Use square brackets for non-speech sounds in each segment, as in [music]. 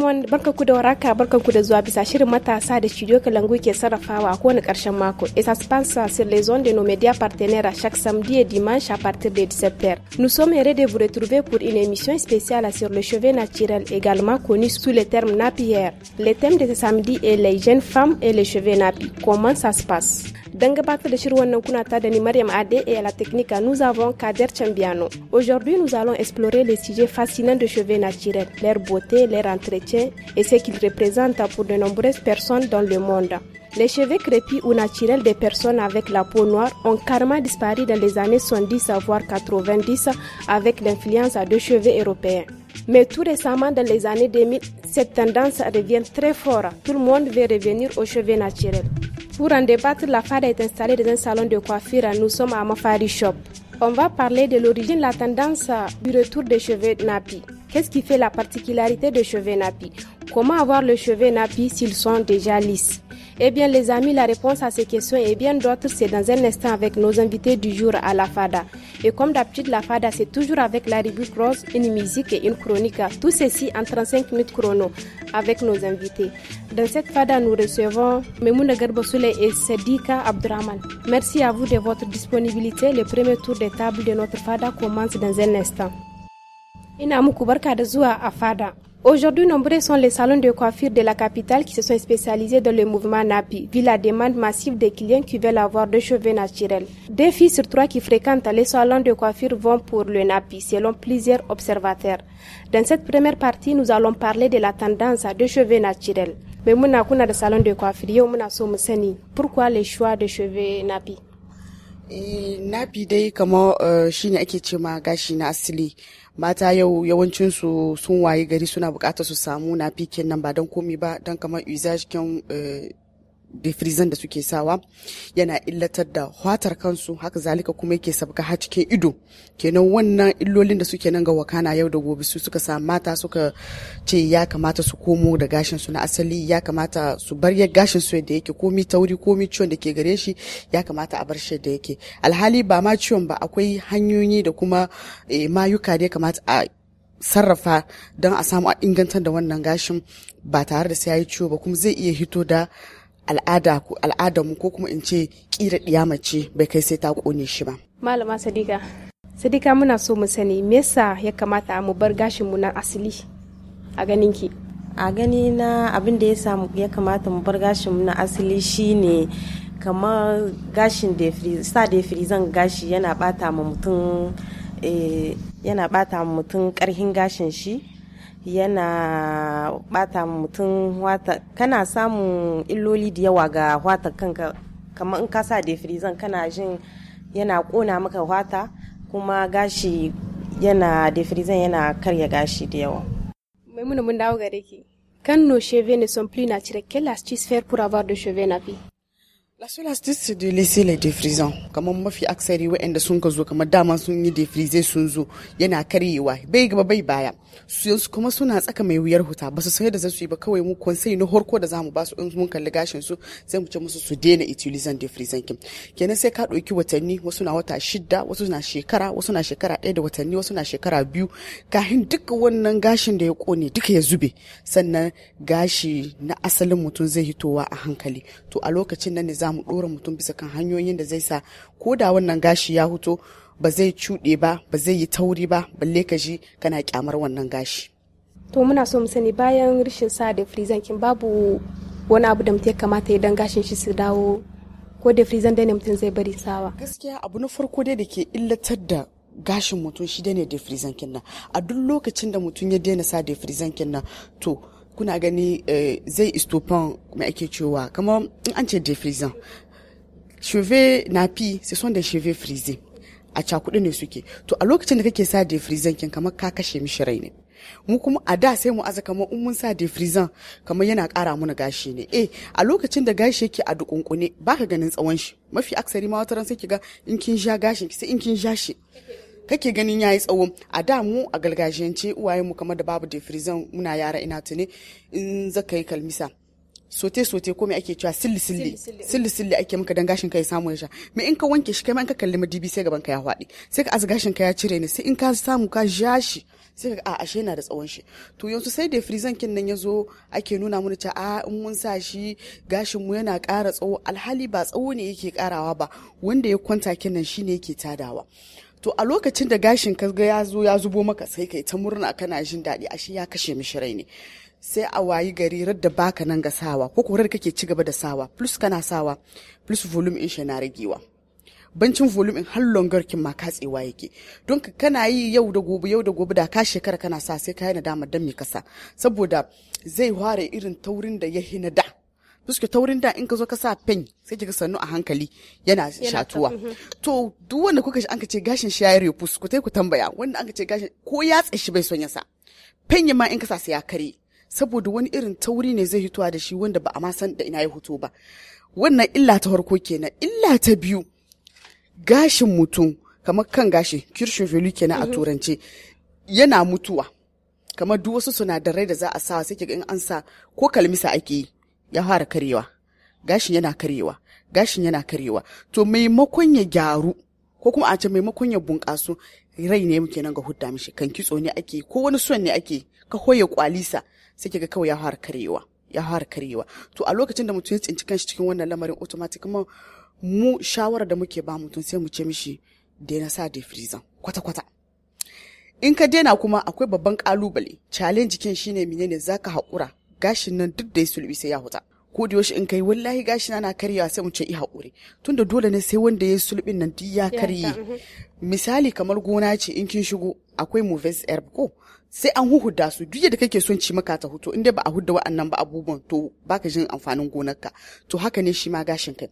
Maryam barka ku da waraka barka ku da zuwa bisa shirin matasa da studio Kalangu ke sarrafawa a kowane karshen mako. Et ça se passe sur les ondes de nos médias partenaires à chaque samedi et dimanche à partir de 17h. Nous sommes heureux de vous retrouver pour une émission spéciale sur le cheveu naturel, également connu sous le terme napière. Le thème de ce samedi est les jeunes femmes et les cheveux nappis. Comment ça se passe dans de de Mariam Ade et à la technique, nous avons Kader Chambiano. Aujourd'hui, nous allons explorer les sujets fascinants de cheveux naturels, leur beauté, leur entretien et ce qu'ils représentent pour de nombreuses personnes dans le monde. Les cheveux crépus ou naturels des personnes avec la peau noire ont carrément disparu dans les années 70 voire 90 avec l'influence de cheveux européens. Mais tout récemment, dans les années 2000, cette tendance revient très fort. Tout le monde veut revenir aux cheveux naturels. Pour en débattre, la FAD est installée dans un salon de coiffure. Nous sommes à Mafari Shop. On va parler de l'origine, la tendance du retour des cheveux nappis. Qu'est-ce qui fait la particularité des cheveux nappis Comment avoir le cheveux nappis s'ils sont déjà lisses eh bien, les amis, la réponse à ces questions et bien d'autres, c'est dans un instant avec nos invités du jour à la FADA. Et comme d'habitude, la FADA, c'est toujours avec la rubrique une musique et une chronique. Tout ceci en 35 minutes chrono avec nos invités. Dans cette FADA, nous recevons Memouna Bosule et Sedika Abdraman. Merci à vous de votre disponibilité. Le premier tour de table de notre FADA commence dans un instant. fada. Aujourd'hui, nombreux sont les salons de coiffure de la capitale qui se sont spécialisés dans le mouvement Napi, vu la demande massive des clients qui veulent avoir des cheveux naturels. Deux filles sur trois qui fréquentent les salons de coiffure vont pour le Napi, selon plusieurs observateurs. Dans cette première partie, nous allons parler de la tendance à des cheveux naturels. Mais muna de salon de coiffure, pourquoi les choix de cheveux Napi? Eh, nafi dai kama eh, ne ake ce ma gashi na asili mata yau yawancinsu sun waye gari suna bukatar su samu nafi kenan ba don komi ba don kamar usage eh, defrizan da suke sawa yana illatar da hatar kansu haka zalika kuma yake sabka har cikin ido kenan wannan illolin da suke nan ga wakana yau da gobe su suka sa mata suka ce ya kamata su komo da gashin su na asali ya kamata su bar gashin su yadda yake komi tauri komi ciwon da ke gare shi ya kamata a bar shi yadda yake alhali ba ma ciwon ba akwai hanyoyi da kuma eh, mayuka da ya kamata a sarrafa don a samu a ingantar da wannan gashin ba tare da sai ya yi ciwo ba kuma zai iya hito da al'ada al'adar mu ko kuma in ce kira ɗiya mace bai kai sai ta kone shi ba malama sadika sadika muna so mu sani me yasa ya kamata mu bar gashin mu nan asali a ganin ki a gani na abin da ya samu ya kamata mu bar gashin mu na asali shine kamar gashin da sa da frizan gashi yana bata ma mutum eh, yana bata ma mutum karhin gashin shi yana bata mutum wata kana samun illoli da yawa ga wata kanka kamar in ka sa defrizan kana jin yana kona maka wata kuma gashi yana da defrizan yana karya gashi da yawa maimuna mun dawo gare ki kan no cheveux ne sont plus naturels quelle astuce faire pour avoir de cheveux nappés La seule astuce c'est de laisser les défrisants. Kamar mafi aksari waɗanda sun ka zo kamar dama sun yi defrise sun zo yana karyewa bai gaba bai baya. Yanzu kuma suna tsaka mai wuyar huta ba su sai da zasu yi ba kawai mu sai na horko da zamu ba su in mun kalli gashin su sai mu ce musu su daina utilizan defrisant kin. Kenan sai ka ɗauki watanni wasu na wata shida wasu na shekara wasu na shekara ɗaya da watanni wasu na shekara biyu kafin duka wannan gashin da ya kone duka ya zube sannan gashi na asalin mutum zai hitowa a hankali to a lokacin na nizam. mu ɗora mutum bisa kan hanyoyin da zai sa ko da wannan gashi ya huto ba zai cuɗe ba ba zai yi tauri ba balle ka ji kana kyamar wannan gashi to muna so mu sani bayan rashin sa da frizankin babu wani abu da mutum ya kamata idan gashin shi su dawo ko da frizan da ne mutum zai bari sawa gaskiya abu na farko dai da ke illatar da gashin mutum shi da ne da frizankin nan a duk lokacin da mutum ya daina sa da frizankin nan to kuna gani eh, zai istopan mai ake cewa kamar an ce defrizan na nafi ce sont des cheve frisés a cakuɗe ne suke to a lokacin da kake sa defrizan kin kamar ka kashe mishi rai ne mu kuma a da sai mu aza kamar in mun sa defrizan kamar yana ƙara mana gashi ne eh a lokacin da gashi yake a dukunkune baka ganin tsawon shi mafi aksari ma wata ran sai ga in kin sha gashin ki sai in kin sha shi kake ganin ya yi tsawo a da mu a gargajiyance uwaye mu kamar da babu defrizan muna yara ina tuni in zaka yi kalmisa sote sote ko me ake cewa silli silli silli silli ake maka dan gashin ka ya samu ya sha me in ka wanke shi kai ma in ka kalli madibi sai gaban ka ya faɗi sai ka azu gashin ka ya cire ne sai in ka samu ka ja shi sai ka a ashe yana da tsawon shi to yanzu sai de frizan kin nan yazo ake nuna mana cewa a in mun sa shi gashin mu yana ƙara tsawo alhali ba tsawo ne yake ƙarawa ba wanda ya kwanta kin nan shine yake tadawa to a lokacin da gashin ka ga ya zo ya zubo maka sai kai ta murna kana jin daɗi shi ya kashe mishi rai ne sai a wayi gari radda baka nan ga sawa ko kurar kake ci gaba da sawa plus kana sawa plus volume in shi na ragewa bancin volume in har kin ma katsewa yake don kana yi yau da gobe yau da gobe da ka shekara kana sa sai ka yi nadama don me kasa saboda zai ware irin taurin da ya hina da su taurin da in ka zo ka sa pen sai kiga sannu a hankali yana shatuwa mhm. to duk wanda kuka an ka ce gashin shi ya refus ku tai ku tambaya wanda an ka ce gashin ko ya shi bai son ya sa pen ma in ka sa sai ya kare saboda wani irin tauri ne zai hitowa da shi wanda ba a ma san da ina ya hito ba wannan illa ta farko kenan illa ta biyu gashin mutum kamar kan gashi kirshin velu kenan a mhm. turance yana mutuwa kamar duk wasu sinadarai da za a sa sai kiga in an sa ko kalmisa ake yi ya fara karewa gashin yana karewa gashin yana karewa to maimakon ya gyaru ko kuma a ce maimakon ya bunƙasu rai ne muke nan ga hudda mishi kan kitso ne ake ko wani son ne ake ka hoye kwalisa sai ga kawai ya fara karewa ya fara karewa to a lokacin da mutum ya tsinci kanshi cikin wannan lamarin automatic kuma mu shawara da muke ba mutum sai mu ce mishi daina sa da freezan kwata kwata in ka daina kuma akwai babban kalubale challenge kin shine menene zaka haƙura gashin nan duk da ya sulbi sai ya huta ko da yaushe in kai wallahi gashina na karyawa sai mu ce i haƙuri tunda dole ne sai wanda ya sulbin nan duk ya karye mhm. misali kamar gona ce in kin shigo akwai moves herb ko sai an huhuda su duk da kake son ci maka ta hutu inda ba a huda wa'annan ba abubuwan to baka jin amfanin ka to haka ne shi ma gashin kai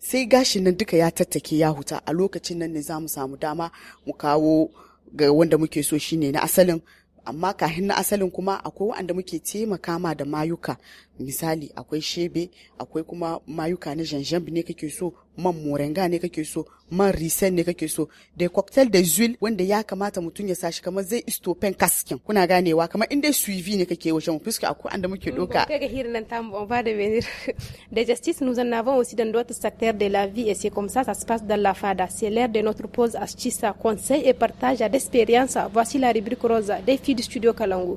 sai gashin nan duka ya tattake ya huta a lokacin nan ne za mu samu dama mu kawo ga wanda muke so shine na asalin amma kahin na asalin kuma akwai wanda muke taimaka ma da mayuka misali akwai shebe akwai kuma mayuka na janjamb ne kake so man moringa ne kake so man risen ne kake so da cocktail da zuil wanda ya kamata mutum ya sashi kamar zai istopen kaskin kuna ganewa kamar in dai suivi ne kake wajen fiska akwai anda muke doka mm, kaga [laughs] de justice nous en avons aussi dans d'autres secteurs de la vie et c'est comme ça ça se passe dans la fada c'est l'air de notre pause astuce conseil et partage d'expérience voici la rubrique rosa, des filles du studio Kalangu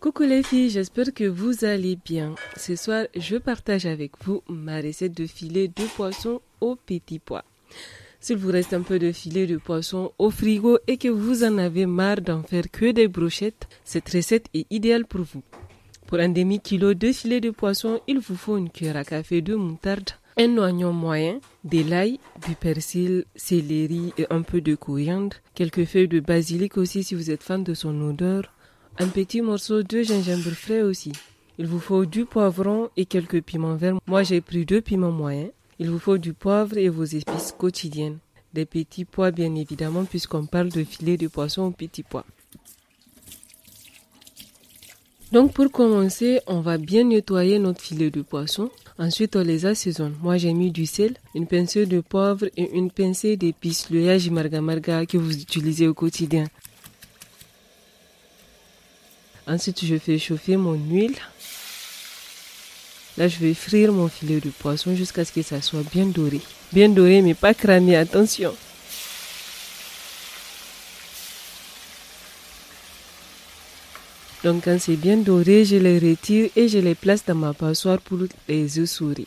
Coucou les filles, j'espère que vous allez bien. Ce soir, je partage avec vous ma recette de filet de poisson au petit pois. S'il vous reste un peu de filet de poisson au frigo et que vous en avez marre d'en faire que des brochettes, cette recette est idéale pour vous. Pour un demi-kilo de filet de poisson, il vous faut une cuillère à café de moutarde, un oignon moyen, de l'ail, du persil, céleri et un peu de coriandre, quelques feuilles de basilic aussi si vous êtes fan de son odeur, un petit morceau de gingembre frais aussi. Il vous faut du poivron et quelques piments verts. Moi, j'ai pris deux piments moyens. Il vous faut du poivre et vos épices quotidiennes. Des petits pois, bien évidemment, puisqu'on parle de filet de poisson aux petits pois. Donc, pour commencer, on va bien nettoyer notre filet de poisson. Ensuite, on les assaisonne. Moi, j'ai mis du sel, une pincée de poivre et une pincée d'épices, le yaji marga marga que vous utilisez au quotidien. Ensuite, je fais chauffer mon huile. Là, je vais frire mon filet de poisson jusqu'à ce que ça soit bien doré. Bien doré, mais pas cramé, attention. Donc, quand c'est bien doré, je les retire et je les place dans ma passoire pour les œufs souris.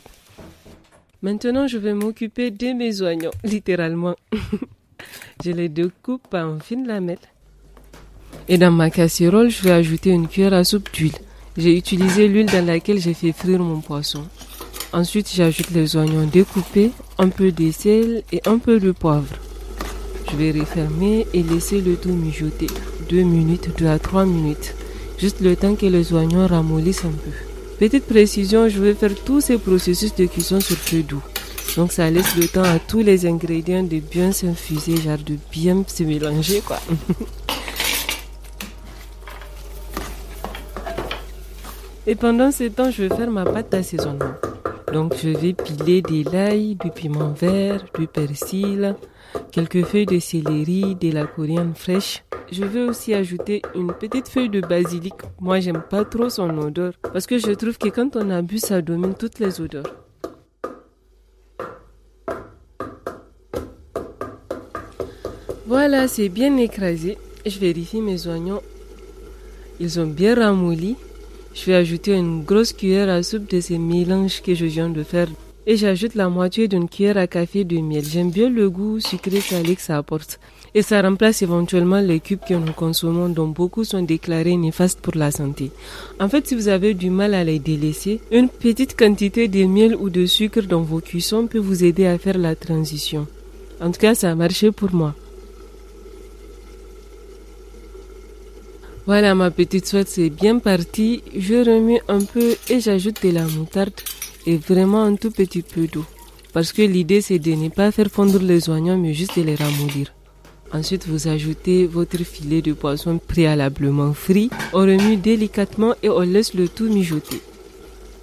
Maintenant, je vais m'occuper de mes oignons, [laughs] littéralement. [laughs] je les découpe en fines lamelles. Et dans ma casserole, je vais ajouter une cuillère à soupe d'huile. J'ai utilisé l'huile dans laquelle j'ai fait frire mon poisson. Ensuite, j'ajoute les oignons découpés, un peu de sel et un peu de poivre. Je vais refermer et laisser le tout mijoter 2 minutes, 2 à 3 minutes, juste le temps que les oignons ramollissent un peu. Petite précision, je vais faire tous ces processus de cuisson sur feu doux. Donc ça laisse le temps à tous les ingrédients de bien s'infuser, genre de bien se mélanger quoi. [laughs] Et pendant ce temps, je vais faire ma pâte d'assaisonnement. Donc je vais piler de l'ail, du piment vert, du persil, quelques feuilles de céleri, de la coriandre fraîche. Je vais aussi ajouter une petite feuille de basilic. Moi, j'aime pas trop son odeur parce que je trouve que quand on a bu ça domine toutes les odeurs. Voilà, c'est bien écrasé. Je vérifie mes oignons. Ils ont bien ramolli je vais ajouter une grosse cuillère à soupe de ce mélange que je viens de faire et j'ajoute la moitié d'une cuillère à café de miel. J'aime bien le goût sucré salé que ça apporte. Et ça remplace éventuellement les cubes que nous consommons dont beaucoup sont déclarés néfastes pour la santé. En fait, si vous avez du mal à les délaisser, une petite quantité de miel ou de sucre dans vos cuissons peut vous aider à faire la transition. En tout cas, ça a marché pour moi. Voilà, ma petite soie c'est bien parti. Je remue un peu et j'ajoute de la moutarde et vraiment un tout petit peu d'eau. Parce que l'idée, c'est de ne pas faire fondre les oignons, mais juste de les ramollir. Ensuite, vous ajoutez votre filet de poisson préalablement frit. On remue délicatement et on laisse le tout mijoter.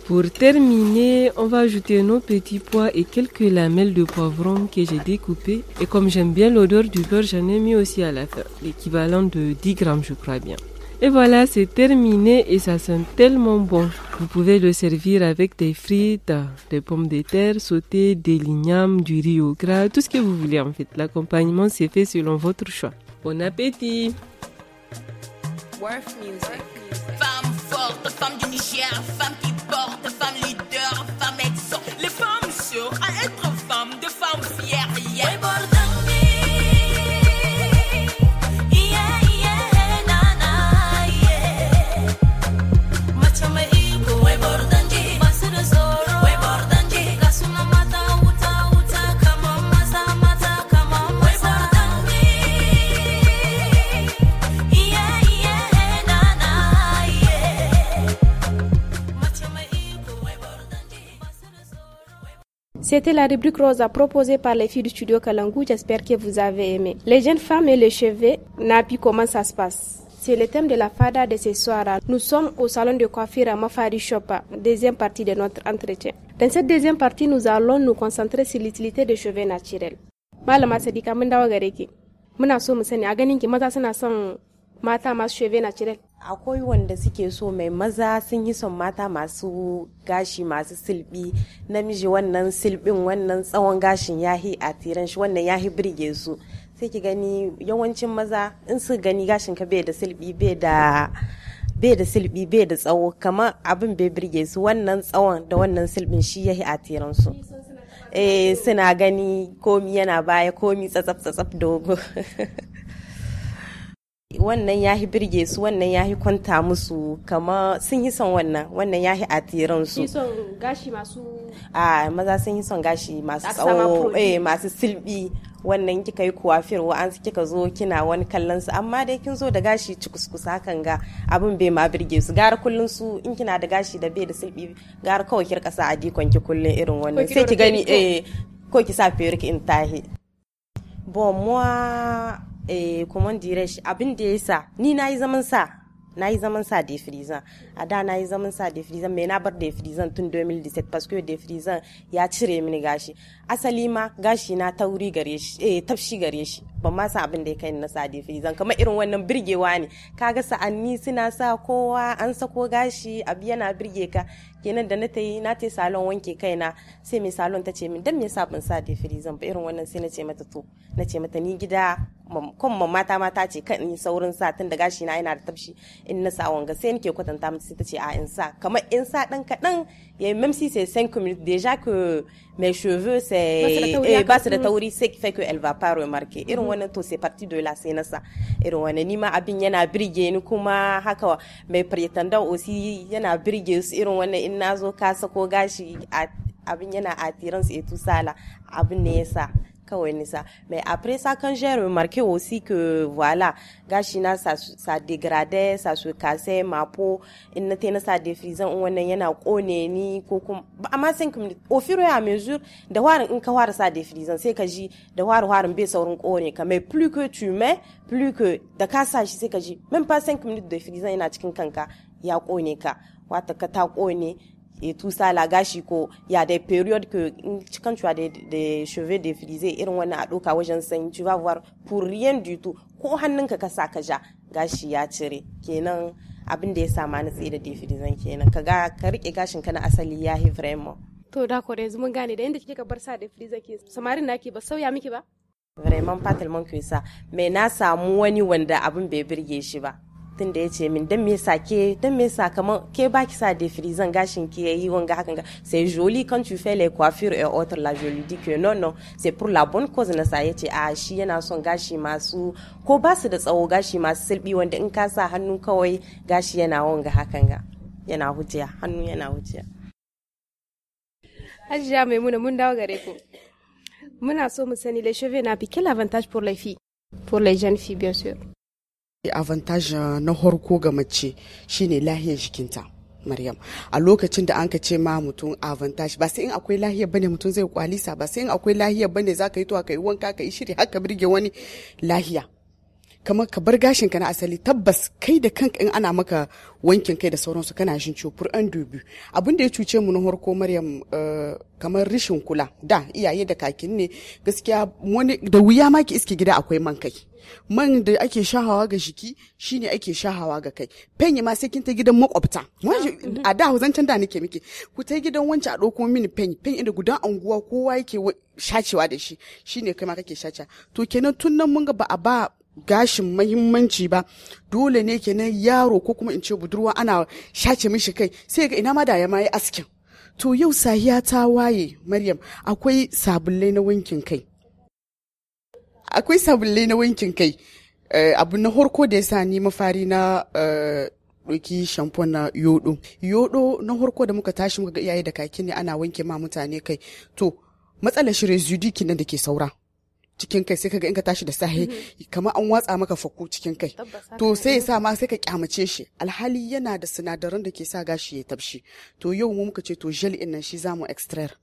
Pour terminer, on va ajouter nos petits pois et quelques lamelles de poivron que j'ai découpées. Et comme j'aime bien l'odeur du beurre, j'en ai mis aussi à la fin, l'équivalent de 10 grammes, je crois bien. Et voilà, c'est terminé et ça sent tellement bon. Vous pouvez le servir avec des frites, des pommes de terre sautées, des lignames, du riz au gras, tout ce que vous voulez en fait. L'accompagnement c'est fait selon votre choix. Bon appétit C'était la rubrique Rosa proposée par les filles du studio Kalangu. J'espère que vous avez aimé. Les jeunes femmes et les cheveux, Napi, comment ça se passe c'est le thème de la fada de ce soir. Nous sommes au salon de coiffure à Mafari Shopa, deuxième partie de notre entretien. Dans cette deuxième partie, nous allons nous concentrer sur l'utilité des cheveux naturels. akwai wanda suke so mai maza sun yi son mata masu gashi masu silbi namiji wannan silbin wannan tsawon gashin yahi a tiran shi wannan yahi birge su sai ki gani yawancin maza in su gani gashin ka bai da silbi bai da bai da silbi bai da tsawo kamar abin bai birge su wannan tsawon da wannan silbin shi yahi a tiran su eh suna gani komi yana baya komi tsatsaf tsatsaf dogo [laughs] wannan ya yi birge su wannan ya yi kwanta musu kama sun yi son wannan wannan ya yi a tiran su son gashi masu a maza sun yi son gashi masu tsawo eh masu silbi wannan kika yi kuwafir wa an kika zo kina wani kallon su amma dai kin zo da gashi cikuskus hakan ga abin bai ma birge su gara kullun su in kina da gashi da bai da silbi gara kawai kirka sa a dikon ki kullun irin wannan sai ki gani eh ko ki sa fiyar ki in tahi bon moi kuma eh, dire abin da sa ni yi zaman sa na yi zaman sa de frizan a da na yi zaman sa de frizan mai na bar de frizan tun 2017 parce de frizan ya cire mini gashi asali ma gashi na tauri gare shi eh tafshi gare shi ban ma san abin da ya kai na sa de frizan kamar irin wannan birgewa ne kaga sa'anni suna sa kowa an sako gashi abi yana birge ka kenan da na ta yi na ta yi salon wanke kaina sai mai salon ta ce min dan me yasa ban sa de frizan ba irin wannan sai na ce mata to na ce mata ni gida kuma ma ta mata ce kan in yi saurin sa tun da gashi na yana da tabshi in na sa wanga sai nake kwatanta mata sai tace a in sa kamar in sa dan kadan ya même si c'est 5 minutes déjà que mes cheveux c'est ba su da tauri eh, qui fait que elle va pas remarquer irin mhm. wannan to c'est parti de la scène ça irin wannan ni ma abin yana birge ni kuma haka mai pretendant aussi yana birge su irin wannan in nazo ka sako gashi abin yana attirance et tout ça abin ne yasa kawai mais après ça quand j'ai remarqué aussi que voilà gashina ça ça dégradait ça se cassait ma peau in na défrisant, sa defrizan wannan yana kone ni ko kuma amma minutes, au fur et à mesure de voir in kawar ça sa defrizan sai j'ai de da voir un bai un kone mais plus que tu mets plus que da ka c'est que sai même pas 5 minutes defrizan yana cikin kanka ya kone ka wata ka ta kone et tout ça la il y a des périodes que quand tu as des, des cheveux défrisés et on a doka wajen sanyi tu vas voir pour rien du tout ko hannunka ka sa ka ja gashi ya cire kenan abin da ya des ma na tsaye da defrizan kenan ka ga ka rike gashin ka na asali ya hi vraiment to da ko yanzu mun gane da yanda kike ka bar sa defrizan ke samarin naki ba sauya miki ba vraiment pas tellement que ça mais na samu wani wenda abin bai birge shi ba tun da ya ce min dan me yasa ke dan me yasa kamar ke ba ki sa zan gashin ki yayi wanga hakan ga c'est joli quand tu fais les coiffures et autres là je lui dis que non non c'est pour la bonne cause na sa yace a ah, shi yana son gashi masu ko ba su da tsawo gashi masu silbi wanda in ka sa hannu kawai gashi yana wanga hakan ga yana hujiya hannu yana hujiya Ajiya Maimuna mun dawo gare ku. Muna so mu sani le cheveux na quel avantage pour les filles, pour les jeunes filles bien sûr. avantage na harko ga mace shine lahiyar jikinta Maryam a lokacin da an ka ce ma mutum avantage ba sai in akwai lahiyar bane mutum zai kwalisa ba sai in akwai ne bane ka yi to ka yi wanka ka yi shiri haka birge wani lahiya kamar ka bar gashin ka na asali tabbas kai da kanka in ana maka wankin kai da sauransu kana shin cofur an dubi abin da ya cuce mu na harko maryam eh, kamar rishin kula da iyaye da kakin ne gaskiya wani da wuya ma ki iske gida akwai man kai man da ake shahawa ga jiki shine ake shahawa ga kai fenye ma sai kin ta gidan makwabta a da zancen da nake miki ku ta gidan wancan a ɗauko mini fenye fenye da gudan anguwa kowa yake shacewa da shi shine kai ma kake shacewa. to kenan tun nan mun ga ba a ba gashin mahimmanci ba dole ne kenan yaro ko kuma in ce budurwa ana shace mishi kai sai ga ina ma da ya ma yi askin to yau sahiya ta waye maryam akwai sabulai na wankin kai akwai sabulai na wankin kai eh, abu na horko da ya sa ni mafari na eh, ɗauki shampo na yodo yodo na horko da muka tashi muka ga iyaye da kaki ne ana wanke ma mutane kai to matsalar shi residue da ke saura cikin kai sai kaga in ka tashi da sahi mm-hmm. kamar an watsa maka fako cikin kai to sai ya sa ma sai ka kyamace shi alhali yana da sinadaran da ke sa gashi ya tabshi to yau mu muka ce to gel in nan shi zamu extract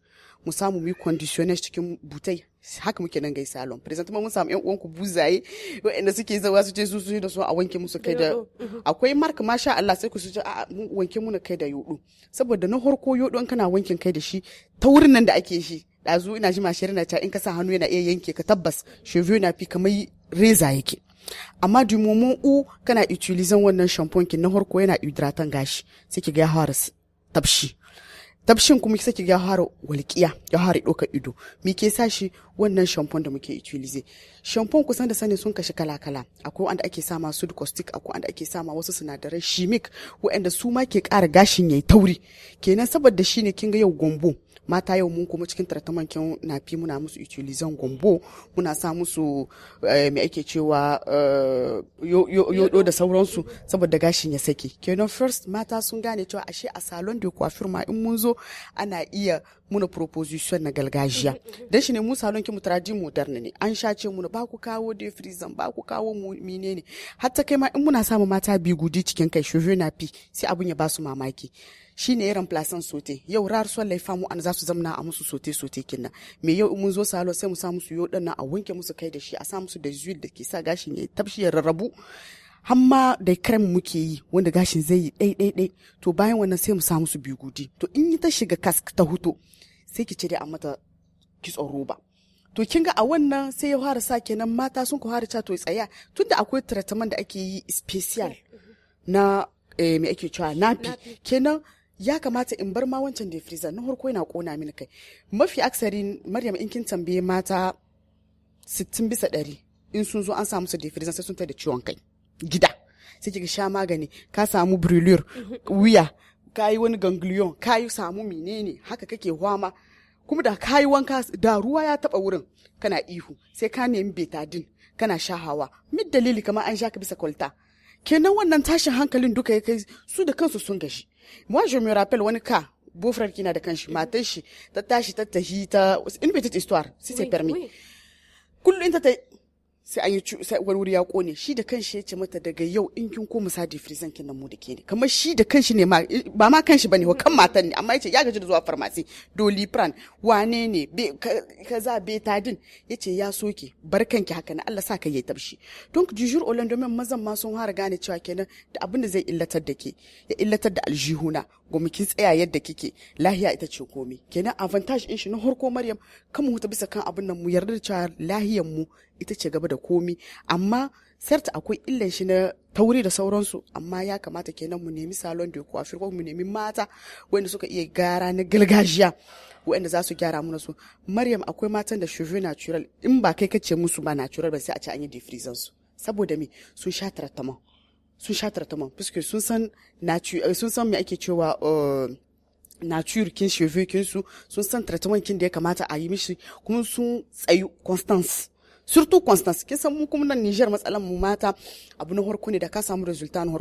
mu samu mu conditioner cikin butai haka muke nan gai salon present mun samu yan uwanku buzaye waɗanda suke zawa su ce su su da su a wanke musu kai da mm-hmm. akwai mark masha Allah sai ku su ce a wanke muna kai da yodo saboda na horko yodo kana wankin kai da shi ta wurin nan da ake shi ɗazu ina jima shirin na ta in ka sa hannu yana iya yanke ka tabbas shevu na fi kamar reza yake amma du u kana utilizan wannan shampoo kin na harko yana hydratan gashi sai ki ga ya fara tabshi tabshin kuma sai ki ga ya fara walƙiya ya fara doka ido me ke sa shi wannan shampoo da muke utilize shampoo kusan da sani sun kashi kala kala akwai wanda ake sama sud caustic akwai wanda ake sama wasu sinadarai shimik waɗanda su ma ke ƙara gashin yayi tauri kenan saboda shine kin ga yau gombo mata yau mun kuma cikin tartaman kyan fi muna musu utilizan gombo muna sa musu eh, mai ake cewa eh, yodo da sauransu saboda gashin ya sake kenan first mata sun gane cewa ashe a salon de coiffure ma in mun zo ana iya muna proposition na galgajiya dan shi ne mu salon ki mu modern ne an shace ce ba ku kawo da frizan ba ku kawo mine ne hatta kai ma in muna samu mata bigudi cikin kai shojo na fi sai abun ya ba su mamaki shine irin plasan sote yau rar son laifa mu an za su zamna a musu sote sote kinna me yau mun zo salo sai mu sa musu yo dinnan a wanke musu kai da shi a sa musu da zuid da ke sa gashin ya tafshi ya rarrabu hamma da krem muke yi wanda gashin zai yi ɗai dai ɗai to bayan wannan sai mu sa musu bigudi to in yi ta shiga kask ta huto sai ki cire a mata kitson roba to kin ga a wannan sai ya fara sa kenan mata sun ku fara to tsaya tunda akwai treatment da ake yi special na eh, me ake cewa nafi kenan ya kamata in bar ma wancan da freezer na harko yana kona mini kai mafi aksari maryam in kin tambaye mata 60 bisa ɗari in sun zo an samu su da freezer sai sun da ciwon kai gida sai kika sha magani ka samu brulure wuya ka yi wani ganglion ka yi samu menene haka kake hwama kuma da ka yi wanka da ruwa ya taba wurin kana ihu sai ka nemi betadin kana sha hawa mid dalili kamar an sha ka bisa kwalta kenan wannan tashin hankalin duka ya kai su da kansu sun gashi moi je me rappelle wani ka beau-frère qui da de matar shi ta tashi ta ta une petite histoire si c'est permis kullum ta sai an yi sai wani wuri ya kone shi da kanshi ya ce mata daga yau in kin koma sa di frizan kin mu da ke ne kamar shi da kanshi ne ma eh, ba ma kanshi bane kan matan ne amma yace ya gaji da zuwa farmasi doli pran wane ne kaza betadin yace ya soke bar kanki haka na Allah sa ka yi tabshi don ku jujur olandomen mazan ma sun har gane cewa kenan da abin da zai illatar da ke ya illatar da aljihuna gomi kin tsaya yadda kike lahiya ita ce komi kenan avantage in shi na harko maryam kan mu huta bisa kan abin nan mu yarda da cewa lahiyar mu ita ce gaba da komi amma sarta akwai illan shi na tauri da sauransu amma ya kamata kenan mu nemi salon da a ko mu nemi mata wanda suka iya gara na gargajiya wanda za su gyara muna su maryam akwai matan da shuvu natural in ba kai kace musu ba natural ba sai a ci an yi defrizan su saboda me sun sha tarattama sun sha traitement puisque sun san nature euh, sun san me ake cewa euh, nature kin cheveux kin su sun san traitement kin da ya kamata a yi mishi kuma sun tsayu constance surtout constance kin san mu kuma nan Niger matsalan mu mata abu na harko ne da ka samu resulta na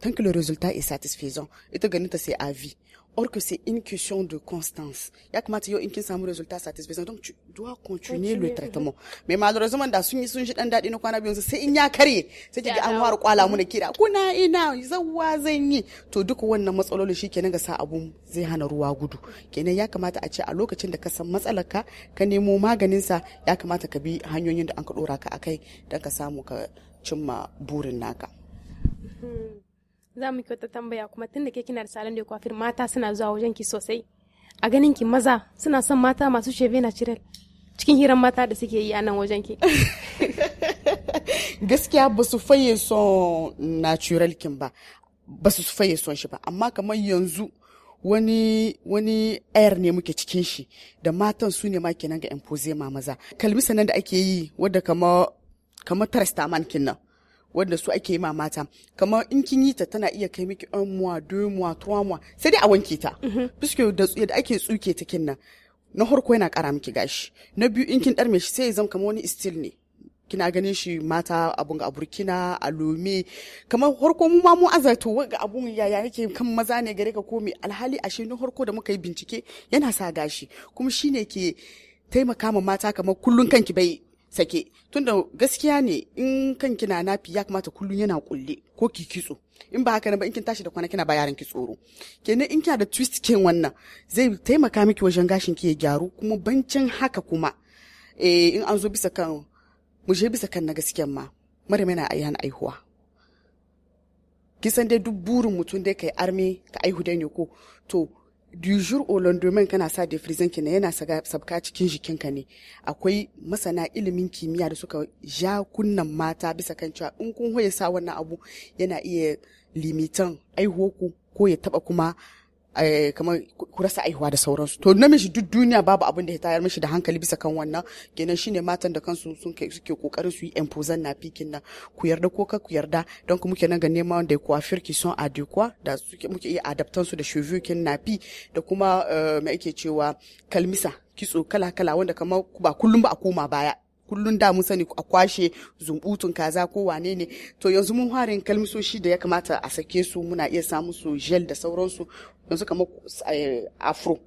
tant que le résultat est satisfaisant, ita ganin ta ses avis. Or que c'est une question de constance. Ya kamata yau in kin samu résultat satisfaisant, donc tu dois continuer le traitement. Mais malheureusement da sun yi sun ji dan daɗi na kwana C'est sai in ya karye sai ki ga an ware kwala mana kira kuna ina zawwa zan yi to duk wannan matsalolin shikenan ga sa abun zai hana ruwa gudu. Kenan ya kamata a ce a lokacin da ka san matsalarka ka nemo maganin sa ya kamata ka bi hanyoyin da an ka dora ka akai dan ka samu ka cimma burin naka. Hmm. za mu kyauta tambaya kuma tun da ke kina da salon da ya mata suna zuwa wajen ki sosai a ganin ki maza suna son mata masu na natural cikin hiran mata da suke yi a nan wajen ki [laughs] gaskiya ba su faye son natural kin ba ba su faye son shi ba amma kamar yanzu wani wani ayar ne muke cikin shi da matan su ne ma kenan ga empoze ma maza kalmisa nan da ake yi wadda kama kama tarastaman kinnan wanda su ake ma mata kamar in kin yi ta tana iya kai miki un mois deux mois trois mois sai dai a wanke ta mm-hmm. puisque da yadda ake tsuke ta kinnan na harko yana kara miki gashi na biyu in kin darme shi sai ya zama kamar wani steel ne kina ganin shi mata abun ga burkina a lome kamar harko mu ma mu azato ga abun yaya yake kan maza ne gare ka komi alhali ashe na harko da muka yi bincike yana sa gashi kuma shine ke taimaka ma mata kamar kullun kanki bai sake tunda gaskiya ne in kan kina nafi ya kamata kullun yana kulle ko ki kitso in ba haka ba in kin tashi da kwana kina ba yaran ki tsoro kenan in kina da twist kin wannan zai taimaka miki wajen gashin ki ya gyaru kuma bancin haka kuma eh in an zo bisa kan mu je bisa kan na gaskiyan ma mara na ayyan aihuwa kisan dai duk burin mutum dai kai arme ka aihu dai ne ko to du jour au lendemain kana sa defrizin kina yana sabka cikin ka ne akwai masana ilimin kimiyya da suka ja kunnan mata bisa kan cewa in kun hoye sa wannan abu yana iya limitan aihoku ko ya taba kuma Eh, kamar rasa aihuwa da sauransu to namiji duk duniya babu abin da ya tayar mishi da hankali bisa kan wannan kenan shine matan da kansu sun suke kokarin su yi imposan na fikin nan ku yarda ko ka ku yarda don ku muke nan ga neman wanda ya kuwa firki son adekwa da suke muke iya adaptan su da shuvukin pi da kuma eh, mai ake cewa kalmisa kitso kala-kala wanda kamar ba kullum ba a koma baya kullun da mun sani a kwashe zumbutun kaza ko wane ne to yanzu mun harin kalmisoshi da ya kamata a sake su muna iya samu su gel da sauransu yanzu kamar eh, afro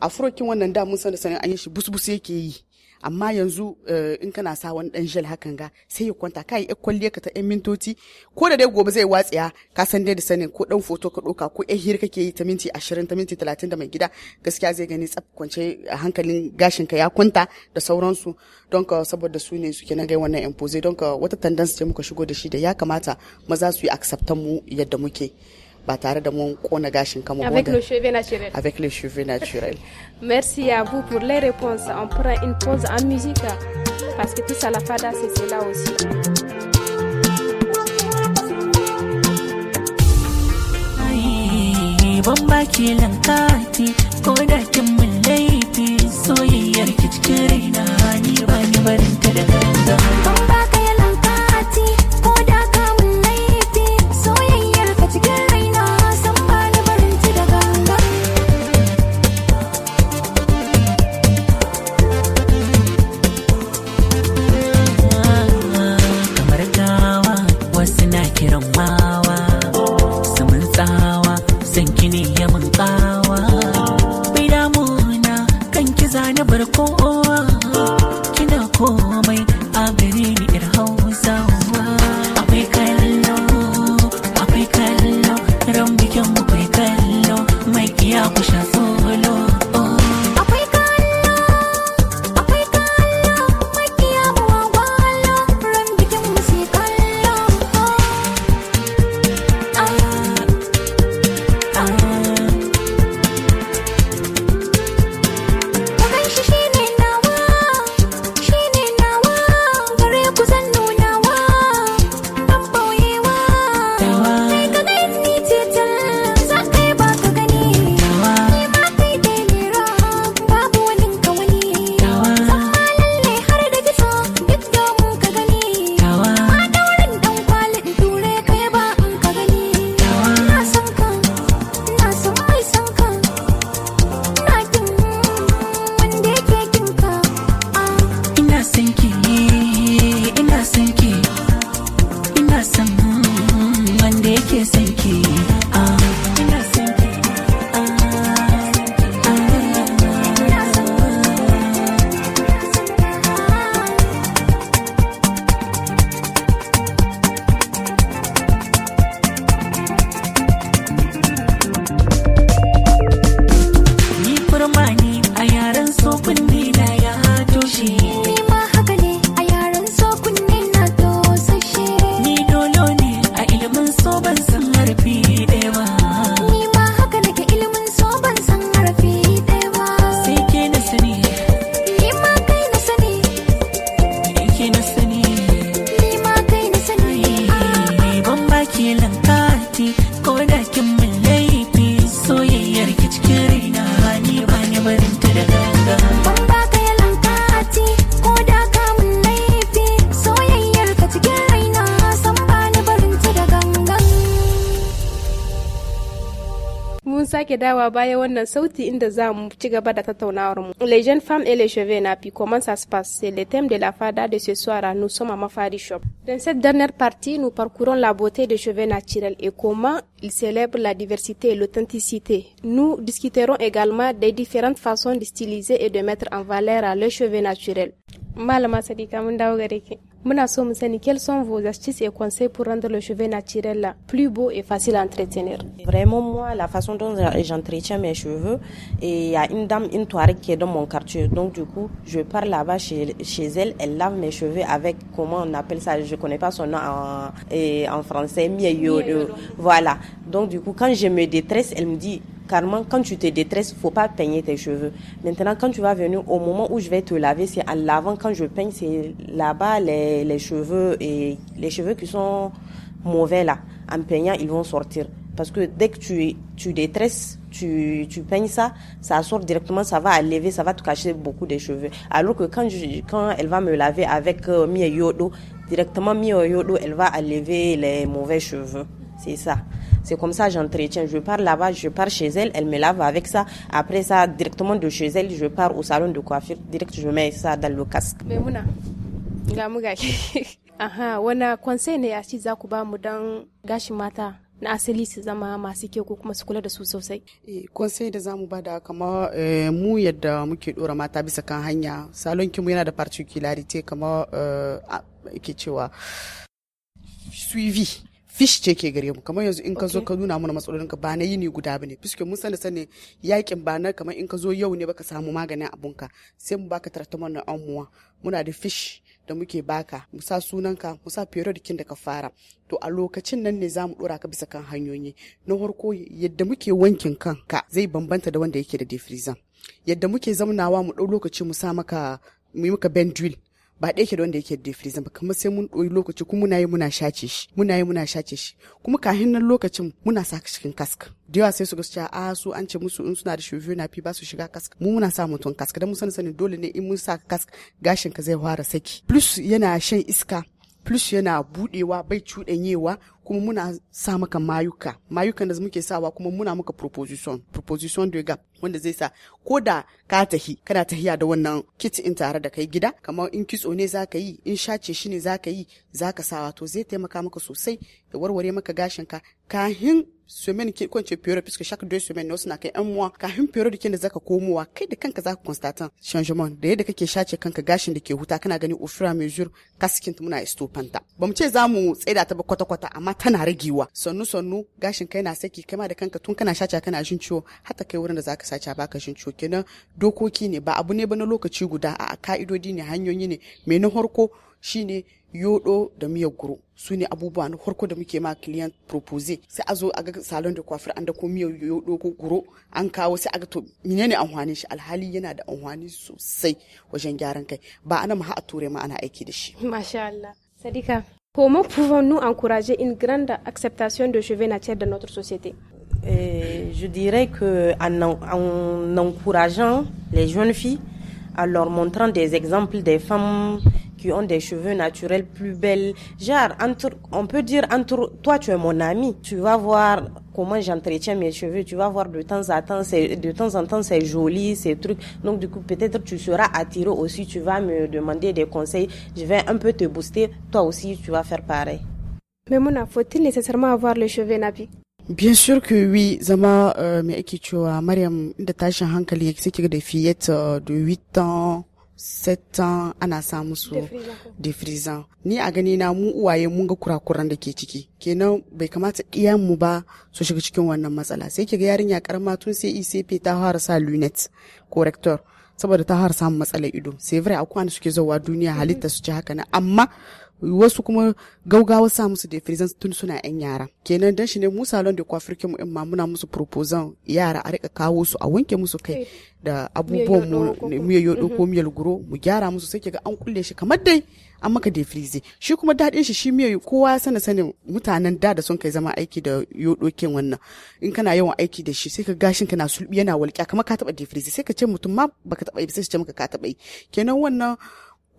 afro kin wannan da mun san da sanin an yi shi busbus yake yi amma yanzu eh, in kana sa wani dan gel hakan ga sai ya kwanta kai ya kwalle ka ta yan mintoci ko da dai gobe zai watsiya ka san dai da sanin ko dan foto ka doka ko yan hira kake yi ta minti 20 ta minti 30 da mai gida gaskiya zai gani tsaf kwance hankalin gashin ka ya kwanta da sauransu don ka saboda su ne suke na ga wannan yan don ka wata tendance ce muka shigo da shi da ya kamata maza su yi acceptan mu yadda muke Bah, avec le cheveux naturels [laughs] avec merci à vous pour les réponses on prend une pause en musique parce que tout ça la fada c'est cela aussi san kini ya mun tsawa Les jeunes femmes et les cheveux puis comment ça se passe? C'est le thème de la fada de ce soir nous sommes à Mafari Shop. Dans cette dernière partie, nous parcourons la beauté des cheveux naturels et comment ils célèbrent la diversité et l'authenticité. Nous discuterons également des différentes façons de styliser et de mettre en valeur le cheveux naturels. Malama Muna so sont vos astuces et conseils pour rendre le cheveu naturel plus beau et facile à entretenir. Vraiment moi la façon dont j'entretiens mes cheveux et il y a une dame une toile qui est dans mon quartier donc du coup je pars là-bas chez, elle elle lave mes cheveux avec comment on appelle ça je connais pas son nom en, en français mieux voilà donc du coup quand je me détresse elle me dit Carrément, quand tu te détresses, faut pas peigner tes cheveux. Maintenant, quand tu vas venir au moment où je vais te laver, c'est à l'avant quand je peigne, c'est là-bas les, les cheveux et les cheveux qui sont mauvais là. En peignant, ils vont sortir. Parce que dès que tu, tu détresses, tu, tu peignes ça, ça sort directement, ça va lever, ça va te cacher beaucoup des cheveux. Alors que quand, je, quand elle va me laver avec euh, mi Yodo, directement mi Yodo, elle va enlever les mauvais cheveux. C'est ça. C'est comme ça j'entretiens. Je pars là-bas, je pars chez elle, elle me lave avec ça. Après ça, directement de chez elle, je pars au salon de coiffure. Direct, je mets ça dans le casque. Mais Mouna, [laughs] Aha, wana conseil ne a ci za ku ba mu don gashin mata na asali su zama masu kyau ko kuma su kula da su sosai? Konsai eh, da zamu bada kama eh, mu yadda muke dora mata bisa kan hanya salon kimu yana da particularity kama eh, ke cewa suivi fish ce ke gare mu kamar yanzu in ka zo ka nuna mana matsalolin ka ba na yini guda bane fiske mun sani sani yakin ba na kamar in ka zo yau ne baka samu maganin abun ka sai mu baka tartamar na amuwa muna da fish da muke baka mu sa sunanka mu sa kin da ka fara to a lokacin nan ne za mu dora ka bisa kan hanyoyi na farko yadda muke wankin kanka zai bambanta da wanda yake da defrizan yadda muke zaunawa mu ɗau lokaci mu sa maka mu yi maka ba ɗaya ke da wanda yake da freezing ba kamar sai mun ɗoyi lokaci kuma muna yi muna shace shi muna yi muna shace shi kuma kafin nan lokacin muna sa cikin kask da yawa sai su ga cewa a ah, su an ce musu in suna da shuvi na fi ba su shiga kask mu muna sa mutum kask dan mu sani sani dole ne in mun sa kask gashin ka zai fara saki plus yana shan iska plus yana budewa bai cuɗanyewa kuma muna sa maka mayuka mayukan da muke sawa kuma muna maka proposition proposition de gap wanda zai sa ko da ka tahi kana tahiya da wannan kit in tare da kai gida kamar in kitso ne zaka yi in shace shi ne zaka yi zaka sawa to zai taimaka maka sosai ya warware maka gashin ka kahin semaine ki kwance period puisque chaque deux semaines nous suna kai un mois kahin period kin da zaka komowa kai da kanka zaka constatant changement da yadda kake shace kanka gashin da ke huta kana gani au fur et à mesure kaskin muna estopanta bamu ce zamu tsaida ta ba kwata kwata amma amma tana ragewa sannu sannu gashin kai na saki kai ma da kanka tun kana shaca kana shin ciwo hatta kai wurin da zaka saca baka shin ciwo kenan dokoki ne ba abu ne ba na lokaci guda a ka'idodi ne hanyoyi ne mai na harko shine yodo da miyar guro su ne abubuwa na farko da muke ma client propose sai a zo a ga salon da kwafir an da ko miyar yodo ko guro an kawo sai a ga to ne amfanin shi alhali yana da amfani sosai wajen gyaran kai ba ana ma a ture ma ana aiki da shi masha Allah sadika Comment pouvons-nous encourager une grande acceptation de cheveux naturels dans notre société euh, Je dirais que encourageant les jeunes filles, en leur montrant des exemples des femmes qui ont des cheveux naturels plus belles. Genre, entre, on peut dire, entre toi, tu es mon ami, tu vas voir comment j'entretiens mes cheveux, tu vas voir de temps en temps, c'est, de temps en temps, c'est joli, ces trucs. Donc, du coup, peut-être tu seras attiré aussi, tu vas me demander des conseils, je vais un peu te booster, toi aussi, tu vas faire pareil. Mais Mona, faut-il nécessairement avoir les cheveux nappés Bien sûr que oui, zama euh, tu tu Mariam, Maryam de tashin hankali qui 8 ans settan ana sa musu defrizan ni a gani na mu uwaye mun ga kurakuran da ke ciki kenan bai kamata iyan mu ba su shiga cikin wannan matsala sai kiga yarinya karma tun sai ICP ta fara sa lunet corrector saboda ta har samun matsalar ido sai vrai akwai wanda suke zuwa duniya halitta su ci haka na amma wasu kuma gaugawa sa musu da firizan tun suna yan yara kenan dan shi ne mu salon da kwafirke mu in muna musu proposal yara a rika kawo su a wanke musu kai da abubuwan mu miyayyo ko mhm. miyar guro mu gyara musu sai ga an kulle shi kamar dai an maka da frize shi kuma daɗin shi shi miyayyo kowa sana sanin mutanen da da sun kai zama aiki da yodokin wannan in kana yawan aiki da shi sai ka gashin kana sulbi yana walƙiya kamar ka taɓa da frize sai ka ce mutum ma baka taɓa yi sai ka ce maka ka taɓa yi kenan wannan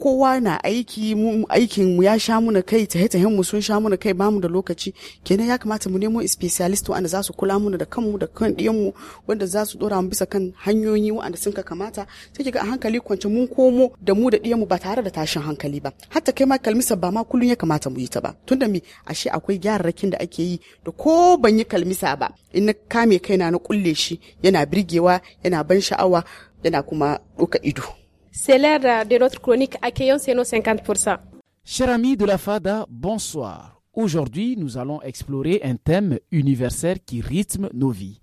kowa na aiki aikin mu ya sha muna kai ta ta mu sun sha muna kai bamu da lokaci kenan ya kamata mu nemo specialist wanda za su kula muna da kanmu da kan diyan mu wanda za su dora mu bisa kan hanyoyi wanda sun ka kamata sai kiga a hankali kwance mun komo da mu da diyan mu ba tare da tashin hankali ba hatta kai ma kalmisa ba ma kullun ya kamata mu yi ta ba tunda mi ashe akwai gyararrakin da ake yi da ko ban yi kalmisa ba in na kame kaina na kulle shi yana birgewa yana ban sha'awa yana kuma doka ido C'est l'heure euh, de notre chronique Accueillons nos 50%. Chers amis de la FADA, bonsoir. Aujourd'hui, nous allons explorer un thème universel qui rythme nos vies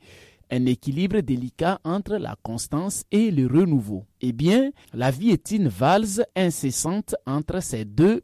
un équilibre délicat entre la constance et le renouveau. Eh bien, la vie est une valse incessante entre ces deux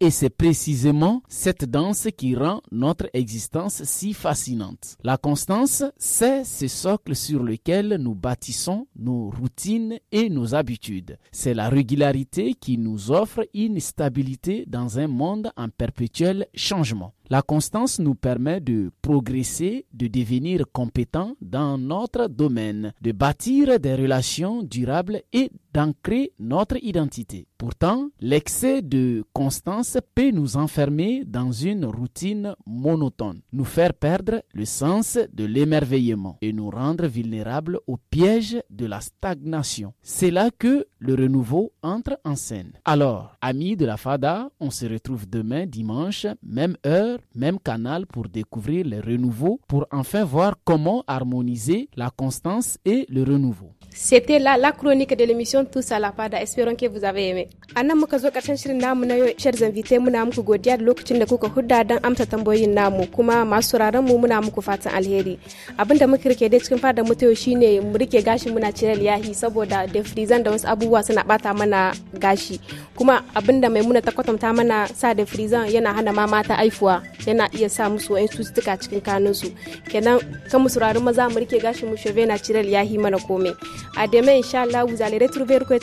et c'est précisément cette danse qui rend notre existence si fascinante. La constance, c'est ce socle sur lequel nous bâtissons nos routines et nos habitudes. C'est la régularité qui nous offre une stabilité dans un monde en perpétuel changement. La constance nous permet de progresser, de devenir compétents dans notre domaine, de bâtir des relations durables et d'ancrer notre identité. Pourtant, l'excès de constance peut nous enfermer dans une routine monotone, nous faire perdre le sens de l'émerveillement et nous rendre vulnérables au piège de la stagnation. C'est là que le renouveau entre en scène. Alors, amis de la FADA, on se retrouve demain dimanche, même heure, même canal pour découvrir le renouveau, pour enfin voir comment harmoniser la constance et le renouveau. C'était là la chronique de l'émission remercions tous à la PADA. Espérons que vous avez aimé. A muka zo karshen shirin namu na yau, chers invité muna muku godiya da lokacin da kuka hudda don amsa tambayoyin namu kuma masu sauraron mu muna muku fatan alheri. Abin da muka rike dai cikin fada mu ta yau shine mu rike gashi muna cire liyahi saboda da frizan da wasu abubuwa suna bata mana gashi. Kuma abin da muna ta kwatanta mana sa da frizan yana hana ma mata aifuwa, yana iya sa musu wa'in cututtuka cikin kanunsu. Kenan kan mu sauraron maza mu rike gashi mu shove na cire liyahi mana komai. A demain insha Allah vous allez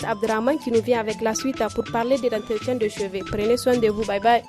Abdraman qui nous vient avec la suite pour parler de l'entretien de chevet. Prenez soin de vous. Bye bye.